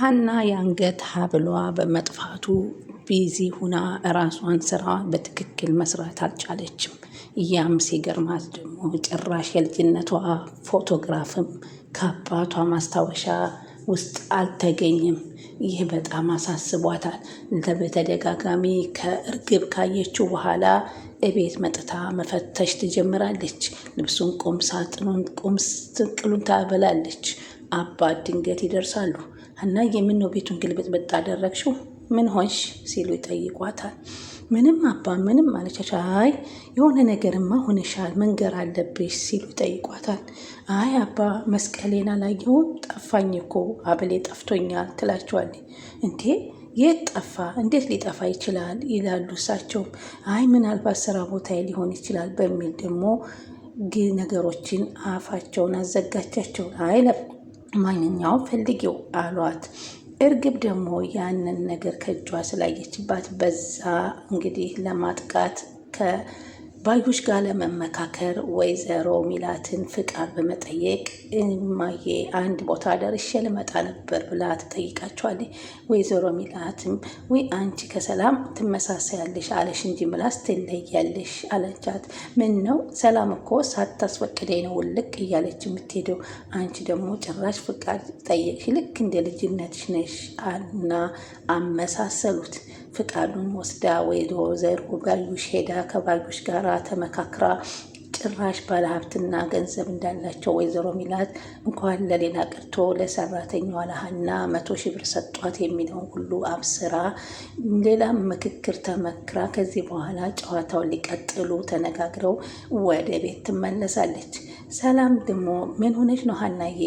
ሀና የአንገት ሀብሏ በመጥፋቱ ቢዚ ሁና እራሷን ስራ በትክክል መስራት አልቻለችም። እያም ሲገርማት ደግሞ ጭራሽ የልጅነቷ ፎቶግራፍም ከአባቷ ማስታወሻ ውስጥ አልተገኝም ይህ በጣም አሳስቧታል። በተደጋጋሚ ከእርግብ ካየችው በኋላ እቤት መጥታ መፈተሽ ትጀምራለች። ልብሱን፣ ቁም ሳጥኑን፣ ቁም ስቅሉን ታበላለች። አባት ድንገት ይደርሳሉ። የምን ነው ቤቱን ግልብጥ ብታደረግሽው ምን ሆንሽ ሲሉ ይጠይቋታል። ምንም አባ ምንም አለቻች። አይ የሆነ ነገርማ ሆነሻል መንገር አለብሽ ሲሉ ይጠይቋታል። አይ አባ መስቀሌን አላየሁም ጠፋኝ እኮ አበሌ ጠፍቶኛል ትላቸዋለች። እንዴ የት ጠፋ? እንዴት ሊጠፋ ይችላል ይላሉ እሳቸውም። አይ ምናልባት ስራ ቦታ ሊሆን ይችላል በሚል ደግሞ ነገሮችን አፋቸውን አዘጋቻቸው አይ ማንኛውም ፈልጊው አሏት። እርግብ ደግሞ ያንን ነገር ከእጇ ስላየችባት በዛ እንግዲህ ለማጥቃት ከ ባዩሽ ጋር ለመመካከር ወይዘሮ ሚላትን ፍቃድ በመጠየቅ እማዬ አንድ ቦታ ደርሼ ልመጣ ነበር ብላ ትጠይቃቸዋለች። ወይዘሮ ሚላትም ወይ አንቺ ከሰላም ትመሳሳያለሽ አለሽ እንጂ ምላስ ትለያለሽ አለቻት። ምን ነው ሰላም እኮ ሳታስፈቅደኝ ነው ውልቅ እያለች የምትሄደው፣ አንቺ ደግሞ ጭራሽ ፍቃድ ጠየቅሽ፣ ልክ እንደ ልጅነትሽ ነሽ እና አመሳሰሉት። ፍቃዱን ወስዳ ወደ ወይዘሮ ባዩሽ ሄዳ ከባዩሽ ጋር ተመካክራ ጭራሽ ባለሀብትና ገንዘብ እንዳላቸው ወይዘሮ ሚላት እንኳን ለሌላ ቀርቶ ለሰራተኛዋ ለሀና መቶ ሺህ ብር ሰጧት የሚለውን ሁሉ አብስራ ሌላም ምክክር ተመክራ ከዚህ በኋላ ጨዋታውን ሊቀጥሉ ተነጋግረው ወደ ቤት ትመለሳለች። ሰላም ደግሞ ምን ሆነች ነው ሀናዬ?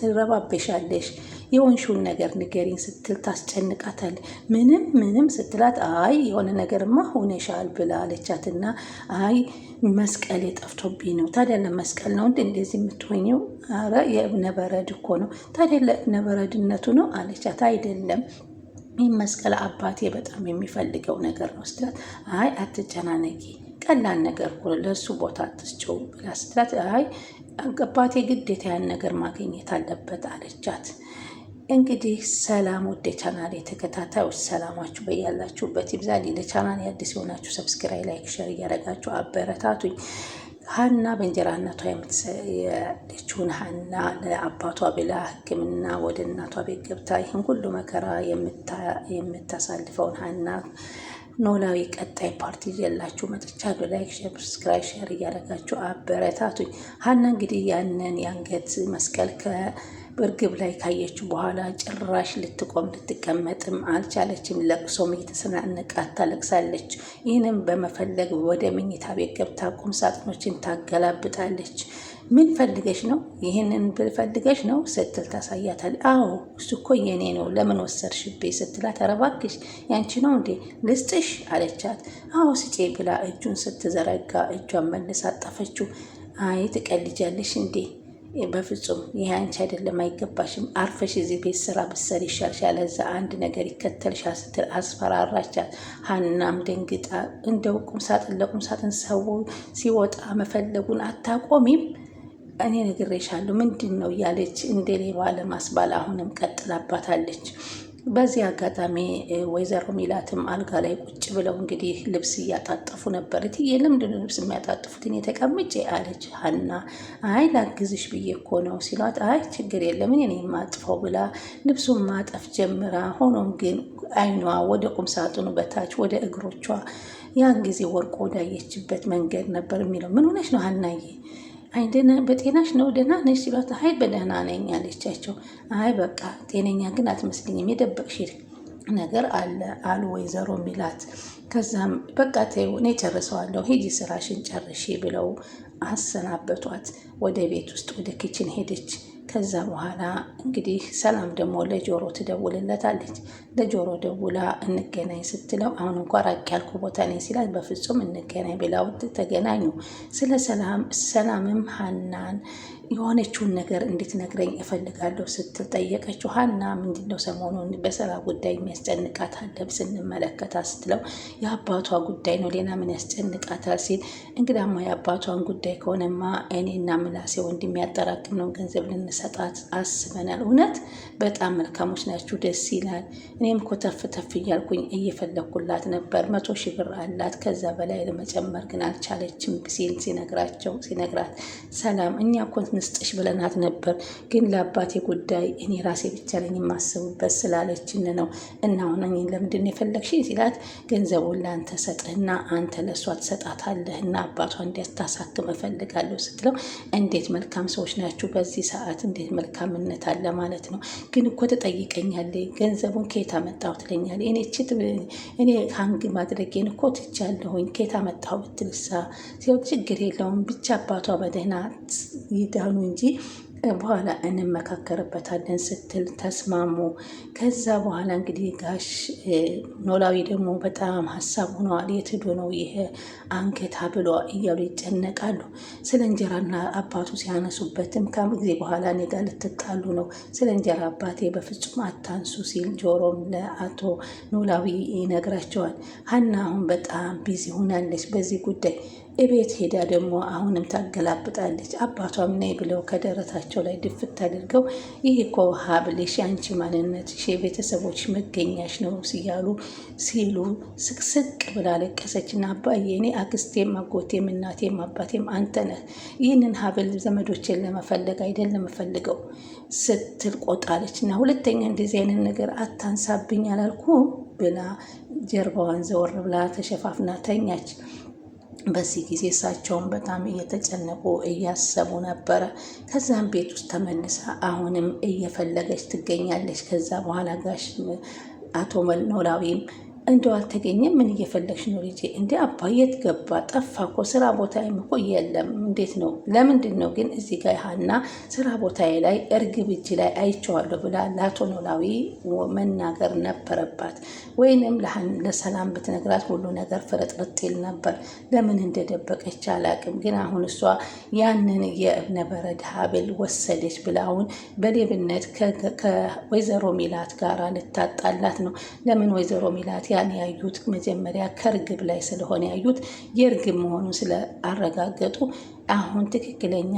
ትረባበሻለሽ የሆንሽውን ነገር ንገሪኝ ስትል ታስጨንቃታል። ምንም ምንም ስትላት አይ የሆነ ነገርማ ሆነሻል ብላ አለቻትና አይ መስቀል የጠፍቶብኝ ነው። ታዲያ ለመስቀል ነው እንዴ እንደዚህ የምትሆኘው? አረ የእብነበረድ እኮ ነው። ታዲያ ለእብነበረድነቱ ነው አለቻት። አይደለም ይህ መስቀል አባቴ በጣም የሚፈልገው ነገር ነው ስትላት አይ አትጨናነቂ ቀላል ነገር ለእሱ ቦታ አትስጭው ብላ ስትላት አይ አባቴ ግዴታ ያን ነገር ማግኘት አለበት አለቻት። እንግዲህ ሰላም ወደ ቻናል የተከታታዮች ሰላማችሁ በያላችሁበት ይብዛል። ለቻናል የአዲስ የሆናችሁ ሰብስክራይ፣ ላይክ፣ ሸር እያደረጋችሁ አበረታቱኝ። ሀና በእንጀራ እናቷ የምትሰለችውን ሀና ለአባቷ ብላ ሕክምና ወደ እናቷ ቤት ገብታ ይህን ሁሉ መከራ የምታሳልፈውን ሀና ኖላዊ ቀጣይ ፓርቲ ይዤላችሁ መጥቻለሁ። ላይክ ሰብስክራይብ ሸር እያደረጋችሁ አበረታቱኝ። ሀና እንግዲህ ያንን የአንገት መስቀል ከ በእርግብ ላይ ካየችው በኋላ ጭራሽ ልትቆም ልትቀመጥም አልቻለችም። ለቅሶም እየተሰናነቃት ታለቅሳለች። ይህንም በመፈለግ ወደ መኝታ ቤት ገብታ ቁም ሳጥኖችን ታገላብጣለች። ምን ፈልገሽ ነው? ይህንን ፈልገሽ ነው ስትል ታሳያታል። አዎ እሱ እኮ የኔ ነው ለምን ወሰድሽብኝ? ስትላት ኧረ እባክሽ ያንቺ ነው እንዴ ልስጥሽ አለቻት። አዎ ስጪ ብላ እጁን ስትዘረጋ እጇን መልስ አጠፈችው። አይ ትቀልጃለሽ እንዴ በፍጹም ይህ አንቺ አይደለም፣ አይገባሽም። አርፈሽ እዚህ ቤት ስራ ብትሰሪ ይሻልሻል። እዛ አንድ ነገር ይከተልሻል ስትል አስፈራራቻት። ሀናም ደንግጣ እንደው ቁም ሳጥን ለቁም ሳጥን ሰው ሲወጣ መፈለጉን አታቆሚም እኔ ነግሬሻለሁ ምንድን ነው እያለች እንደ ሌባ ለማስባል አሁንም ቀጥላባታለች። በዚህ አጋጣሚ ወይዘሮ ሚላትም አልጋ ላይ ቁጭ ብለው እንግዲህ ልብስ እያጣጠፉ ነበር። እትዬ ለምንድን ልብስ የሚያጣጥፉት እኔ ተቀምጬ አለች ሀና። አይ ላግዝሽ ብዬ እኮ ነው ሲሏት፣ አይ ችግር የለም እኔ የማጥፈው ብላ ልብሱን ማጠፍ ጀምራ፣ ሆኖም ግን አይኗ ወደ ቁም ሳጥኑ በታች ወደ እግሮቿ ያን ጊዜ ወርቆ ወዳየችበት መንገድ ነበር የሚለው ምን ሆነች ነው ሀናዬ አይ በጤናሽ ነው ደህና ነሽ ሲሏት፣ አይ በደህና ነኝ አለቻቸው። አይ በቃ ጤነኛ ግን አትመስልኝም የደበቅሽ ነገር አለ አሉ ወይዘሮ ሚላት። ከዛም በቃ ተይው እኔ ጨርሰዋለሁ ሂጂ ስራሽን ጨርሺ ብለው አሰናበቷት። ወደ ቤት ውስጥ ወደ ኪችን ሄደች። ከዛ በኋላ እንግዲህ ሰላም ደግሞ ለጆሮ ትደውልለታለች። ለጆሮ ደውላ እንገናኝ ስትለው አሁን እንኳ ራቅ ያልኩ ቦታ ነኝ ሲላት በፍጹም እንገናኝ ብላው ተገናኙ። ስለ ሰላም ሰላምም ሀናን የሆነችውን ነገር እንድትነግረኝ እፈልጋለሁ ስትል ጠየቀችው። ሀና ምንድን ነው ሰሞኑን በስራ ጉዳይ የሚያስጨንቃት አለ ስንመለከታት ስትለው የአባቷ ጉዳይ ነው፣ ሌላ ምን ያስጨንቃታል? ሲል እንግዳማ የአባቷን ጉዳይ ከሆነማ እኔና ምላሴ ወንድም ያጠራቅም ነው ገንዘብ ልንሰጣት አስበናል። እውነት በጣም መልካሞች ናችሁ፣ ደስ ይላል። እኔም እኮ ተፍ ተፍ እያልኩኝ እየፈለግኩላት ነበር። መቶ ሺህ ብር አላት፣ ከዛ በላይ ለመጨመር ግን አልቻለችም ሲል ሲነግራቸው ሲነግራት ሰላም እኛ ኮንት እንስጥሽ ብለናት ነበር፣ ግን ለአባቴ ጉዳይ እኔ ራሴ ብቻ ነኝ የማስብበት ስላለችን ነው። እና አሁን እኔን ለምንድን የፈለግሽኝ ሲላት ገንዘቡን ለአንተ ሰጥህና አንተ ለእሷ ትሰጣታለህ እና አባቷ እንዲያታሳክም እፈልጋለሁ ስትለው እንዴት መልካም ሰዎች ናችሁ! በዚህ ሰዓት እንዴት መልካምነት አለ ማለት ነው። ግን እኮ ትጠይቀኛለህ፣ ገንዘቡን ከየት አመጣሁ ትለኛለህ። እኔ ችት እኔ ሀንግ ማድረጌን እኮ ትቻለሁኝ፣ ከየት አመጣሁ ብትልሳ ሲሆን ችግር የለውም ብቻ አባቷ በደህና ይደ ያሉ እንጂ በኋላ እንመካከርበታለን ስትል ተስማሙ። ከዛ በኋላ እንግዲህ ጋሽ ኖላዊ ደግሞ በጣም ሀሳብ ሆነዋል። የትዶ ነው ይሄ አንገታ ብሎ እያሉ ይጨነቃሉ። ስለ እንጀራና አባቱ ሲያነሱበትም ከም ጊዜ በኋላ እኔ ጋር ልትጣሉ ነው፣ ስለ እንጀራ አባቴ በፍጹም አታንሱ ሲል ጆሮም ለአቶ ኖላዊ ይነግራቸዋል። ሀና አሁን በጣም ቢዚ ሆናለች በዚህ ጉዳይ እቤት ሄዳ ደግሞ አሁንም ታገላብጣለች። አባቷም ነይ ብለው ከደረታቸው ላይ ድፍት አድርገው ይህ እኮ ሀብልሽ የአንቺ ማንነትሽ የቤተሰቦች መገኛሽ ነው ሲያሉ ሲሉ ስቅስቅ ብላ ለቀሰች ና አባዬ፣ እኔ አክስቴም፣ አጎቴም፣ እናቴም አባቴም አንተ ነህ። ይህንን ሀብል ዘመዶችን ለመፈለግ አይደለም ለመፈልገው ስትል ቆጣለች እና ሁለተኛ እንደዚህ አይነት ነገር አታንሳብኝ አላልኩ ብላ ጀርባዋን ዘወር ብላ ተሸፋፍና ተኛች። በዚህ ጊዜ እሳቸውን በጣም እየተጨነቁ እያሰቡ ነበረ። ከዛም ቤት ውስጥ ተመልሳ አሁንም እየፈለገች ትገኛለች። ከዛ በኋላ ጋሽ አቶ ኖላዊም እንደው አልተገኘም። ምን እየፈለግሽ ነው ልጄ? እንዲ አባየት ገባ ጠፋ እኮ ስራ ቦታ እኮ የለም። እንዴት ነው? ለምንድን ነው ግን እዚህ ጋር ሀና ስራ ቦታዬ ላይ እርግብ እጅ ላይ አይቼዋለሁ ብላ ለአቶ ኖላዊ መናገር ነበረባት። ወይንም ለሰላም ብትነግራት ሁሉ ነገር ፍርጥርጥ ይል ነበር። ለምን እንደደበቀች አላቅም። ግን አሁን እሷ ያንን የእብነበረድ ሀብል ወሰደች ብላ አሁን በሌብነት ከወይዘሮ ሚላት ጋር ልታጣላት ነው። ለምን ወይዘሮ ሚላት ክርስቲያን ያዩት መጀመሪያ ከርግብ ላይ ስለሆነ ያዩት የእርግብ መሆኑን ስለአረጋገጡ አሁን ትክክለኛ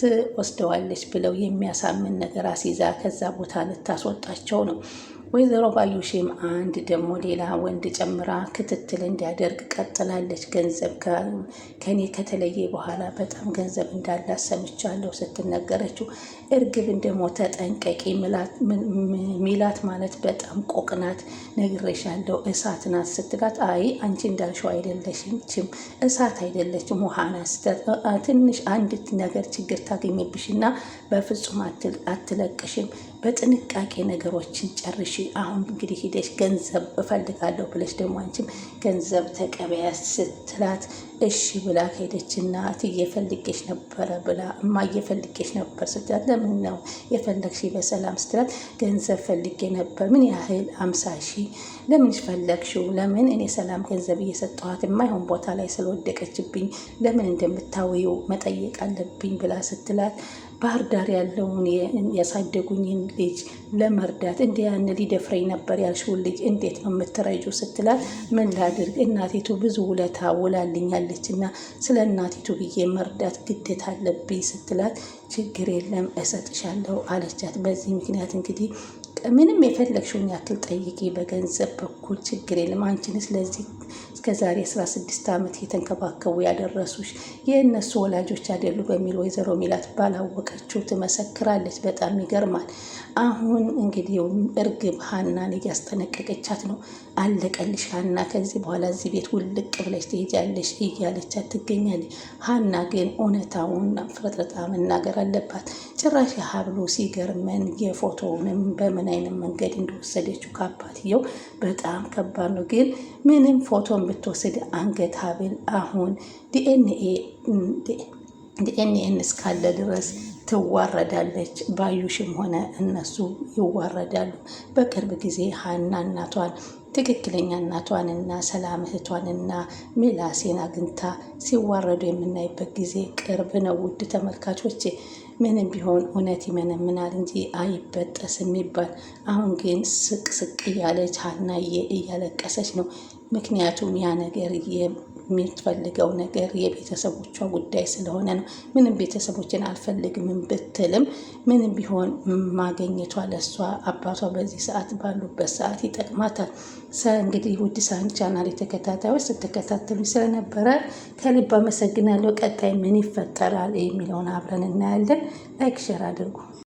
ትወስደዋለች ብለው የሚያሳምን ነገር አስይዛ ከዛ ቦታ ልታስወጣቸው ነው። ወይዘሮ ባዩሽም አንድ ደግሞ ሌላ ወንድ ጨምራ ክትትል እንዲያደርግ ቀጥላለች። ገንዘብ ከኔ ከተለየ በኋላ በጣም ገንዘብ እንዳላት ሰምቻለሁ ስትነገረችው፣ እርግብን ደግሞ ተጠንቀቂ ሚላት ማለት በጣም ቆቅናት ነግሬሻለሁ፣ እሳት ናት ስትላት፣ አይ አንቺ እንዳልሽው አይደለችም፣ እሳት አይደለችም፣ ውሃ ናት። ትንሽ አንድ ነገር ችግር ታገኝብሽና በፍጹም አትለቅሽም በጥንቃቄ ነገሮችን ጨርሽ። አሁን እንግዲህ ሂደሽ ገንዘብ እፈልጋለሁ ብለሽ ደግሞ አንቺም ገንዘብ ተቀበያ ስትላት እሺ ብላ ከሄደችና እትዬ እየፈልጌሽ ነበረ ብላ እማ እየፈልጌሽ ነበር ስትላት ለምን ነው የፈለግሽ በሰላም ስትላት ገንዘብ ፈልጌ ነበር። ምን ያህል አምሳ ሺ ለምን ፈለግሽው? ለምን እኔ ሰላም ገንዘብ እየሰጠኋት የማይሆን ቦታ ላይ ስለወደቀችብኝ ለምን እንደምታወየው መጠየቅ አለብኝ ብላ ስትላት ባህር ዳር ያለውን ያሳደጉኝን ልጅ ለመርዳት እንደ ያን ሊደፍረኝ ነበር ያልሽውን ልጅ እንዴት ነው የምትረጁ? ስትላት ምን ላድርግ እናቴቱ ብዙ ውለታ ውላልኛለች እና ስለ እናቴቱ ብዬ መርዳት ግዴታ አለብኝ ስትላት ችግር የለም እሰጥሻለሁ አለቻት። በዚህ ምክንያት እንግዲህ ምንም የፈለግሽውን ያክል ጠይቂ፣ በገንዘብ በኩል ችግር የለም። አንቺን ስለዚህ እስከ ዛሬ 16 ዓመት የተንከባከቡ ያደረሱሽ የእነሱ ወላጆች አይደሉ በሚል ወይዘሮ ሚላት ባላወቀችው ትመሰክራለች። በጣም ይገርማል። አሁን እንግዲህ እርግብ ሀናን እያስጠነቀቀቻት ነው። አለቀልሽ ሀና፣ ከዚህ በኋላ እዚህ ቤት ውልቅ ብለሽ ትሄጃለሽ እያለቻት ትገኛለች። ሀና ግን እውነታውን ፍረጥረጣ መናገር አለባት። ጭራሽ ሀብሉ ሲገርመን የፎቶውንም በምን አይነት መንገድ እንደወሰደችው ከአባትየው በጣም ከባድ ነው ግን ምንም ፎቶን ብትወስድ አንገት ሀብል አሁን ዲኤንኤን እስካለ ድረስ ትዋረዳለች። ባዩሽም ሆነ እነሱ ይዋረዳሉ። በቅርብ ጊዜ ሀና እናቷን ትክክለኛ እናቷንና ሰላም እህቷንና ሜላሴን አግኝታ ሲዋረዱ የምናይበት ጊዜ ቅርብ ነው። ውድ ተመልካቾች ምንም ቢሆን እውነት ይመነምናል እንጂ አይበጠስም ይባል። አሁን ግን ስቅ ስቅ እያለች ሀናዬ እያለቀሰች ነው። ምክንያቱም ያ ነገር የምትፈልገው ነገር የቤተሰቦቿ ጉዳይ ስለሆነ ነው። ምንም ቤተሰቦችን አልፈልግም ብትልም ምንም ቢሆን ማገኘቷ ለሷ አባቷ በዚህ ሰዓት ባሉበት ሰዓት ይጠቅማታል። እንግዲህ ውድ ሳን ቻናል የተከታታዮች ስትከታተሉ ስለነበረ ከልብ አመሰግናለሁ። ቀጣይ ምን ይፈጠራል የሚለውን አብረን እናያለን። ላይክ ሸር አድርጉ።